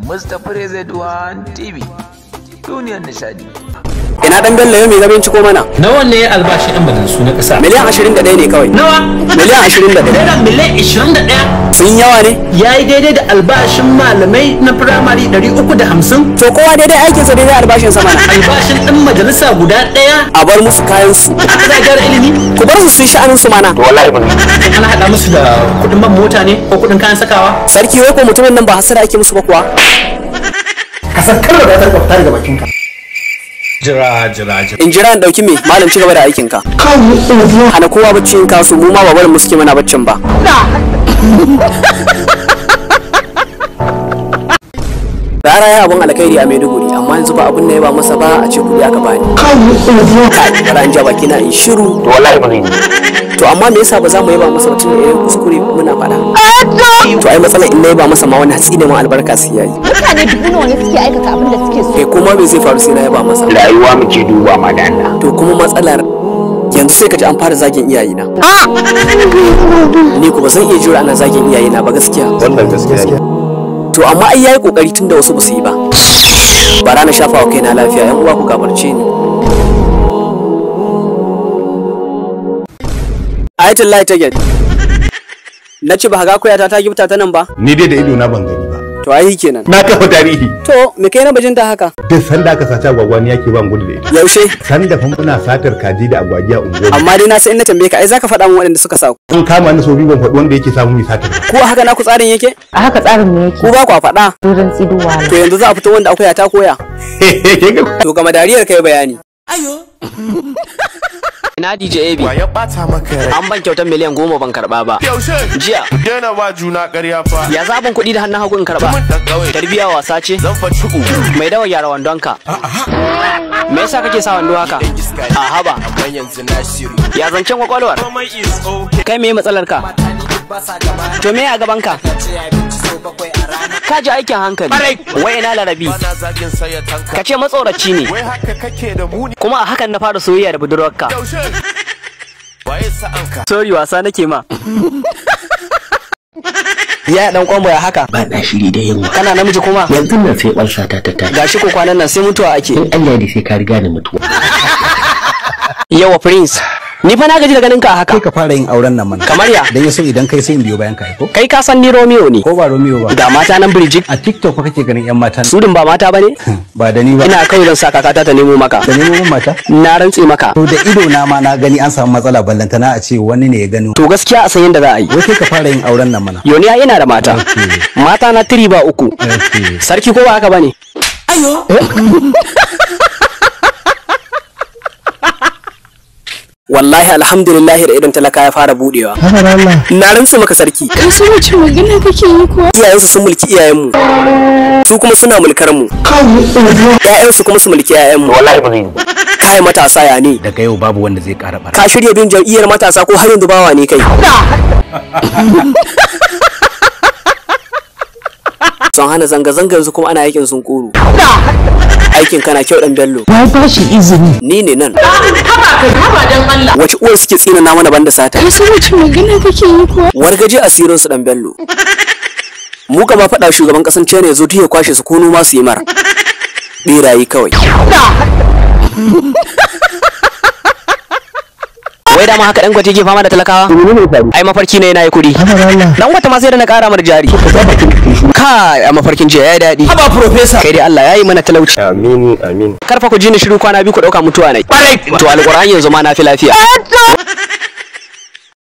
Mustapha Rezaid One TV duniyar nishadi. ina dan bello yau mai ci ko mana nawa ne albashi dan su na kasa miliyan 21 ne kawai nawa miliyan 21 naira miliyan 21 sun yawa ne yayi daidai da albashin malamai na firamare 350 to kowa daidai aikin sa daidai albashin sa mana albashin dan majalisa guda daya a bar musu kayan su za gyara ilimi ku bar su su yi sha'anin su mana to wallahi ban ana hada musu da kudin man mota ne ko kudin kayan sakawa sarki wai ko mutumin nan ba hasara ake musu ba kuwa ka sakar da ta kwafta daga bakin ka jira jira jira in jira in dauki me malam ci gaba da aikin ka ana kowa bacci in kasu mu ma ba mu suke mana baccin ba rara ya abun alkhairi a maiduguri amma yanzu ba abun da ya ba masa ba a ce kudi aka bani kai bara in ja baki na in shiru wallahi ba zan to amma me yasa ba za mu yaba masa ba tunda yayin kuskure muna faɗa to ai matsalar in na yaba masa ma wani hatsi ne ma albarka sai yayi mutane duk nawa ne suke aikata abin da suke so eh kuma me zai faru sai na yaba masa rayuwa muke duba ma da Allah to kuma matsalar yanzu sai ka ji an fara zagin iyayena ah! ni ba zan iya jura ana zagin iyayena ba gaskiya wannan gaskiya to amma ai yayi kokari tunda wasu ba su yi ba bara na shafa wa kaina lafiya yan uwa ku gabarce ni aitin light again. na ce ba ga koya ta ta gifta ta nan ba ni dai da ido na ban gani ba to ai kenan na kafa tarihi to me kai na bajin da haka duk sanda aka sace agwagwa ni yake ban gudu da ita yaushe sanda fa muna satar kaji da agwagi a unguwa amma dai na san na tambaye ka ai zaka faɗa min waɗanda suka sa ku in kama ni so biyu ban faɗi wanda yake samu mai satar ko haka na ku tsarin yake a haka tsarin ne yake ku ba ku faɗa durin tsiduwa to yanzu za a fito wanda akwai ta koya to ga madariyar kai bayani ayo Ina DJ AB. Wa ya bata maka rai. An ban kyautar miliyan goma ban karba ba. Yaushe? Jiya. Dena ba juna ƙarya fa. Ya za kuɗi da hannun hagu in karba. Tarbiya wasa ce. Zan faci ku. Mai dawa yara wandonka. Me yasa kake sa wando haka? A haba. Ya zancen kwakwalwar. Kai me matsalar ka? To me a gaban ka? kaji ka ji aikin hankali wai na larabi ka ce matsoraci ne kuma a hakan na fara soyayya da budurwarka sorry wasa nake ma ya dan kwambo ya haka ba na shiri da yin kana namiji kuma yanzu nan sai balsa ta ta gashi ko kwanan nan sai mutuwa ake in Allah ya sai ka riga ni mutuwa yawa prince ni fa na gaji da ganin ka haka kai ka fara yin auren nan mana kamar ya dan yaso idan kai sai in biyo bayan ka ko kai ka san ni Romeo ne ko ba Romeo ba ga mata nan Bridget a TikTok fa kake ganin yan mata su din ba mata bane ba da ni ba ina kawai zan saka kata ta nemo maka da nemo mata na rantse maka to da ido na ma na gani an samu matsala ballantana a ce wani ne ya gani. to gaskiya a san yanda za a yi wai kai ka fara yin auren nan mana yo ni ina da mata mata na tiri ba uku sarki ko ba haka bane ayo wallahi alhamdulillah da idan talaka ya fara budewa na rinsa maka sarki kai su wace magana kake yi kuwa iyayensu sun mulki iyayenmu su kuma suna mulkar mu ƴaƴansu kuma su mulki ƴaƴanmu wallahi ba zai kai matasa ya ne daga yau babu wanda zai ƙara bara ka shirya bin jam'iyyar matasa ko har yanzu bawa ne kai sun hana zanga-zanga yanzu kuma ana yakin sun koro aikin kana kyau dan bello wai ba shi izini ni ne nan haba ka haba dan Allah wace uwar suke tsina na mana banda sata wasu wace magana kake yi kuwa wargaje asirin su dan bello mu ka ba faɗa shugaban ƙasan China ya zo ya kwashe su ko noma su yi mara Beraye kawai wai dama haka dan gwaje ke fama da talakawa ai mafarki ne yana yi kuɗi dan wata ma sai da na kara mar jari ka a mafarkin jiya ya daɗi haba professor kai dai Allah yayi mana talauci amin amin karfa ku ji ni shiru kwana biyu ku ɗauka mutuwa nai to alqur'ani yanzu ma na fi lafiya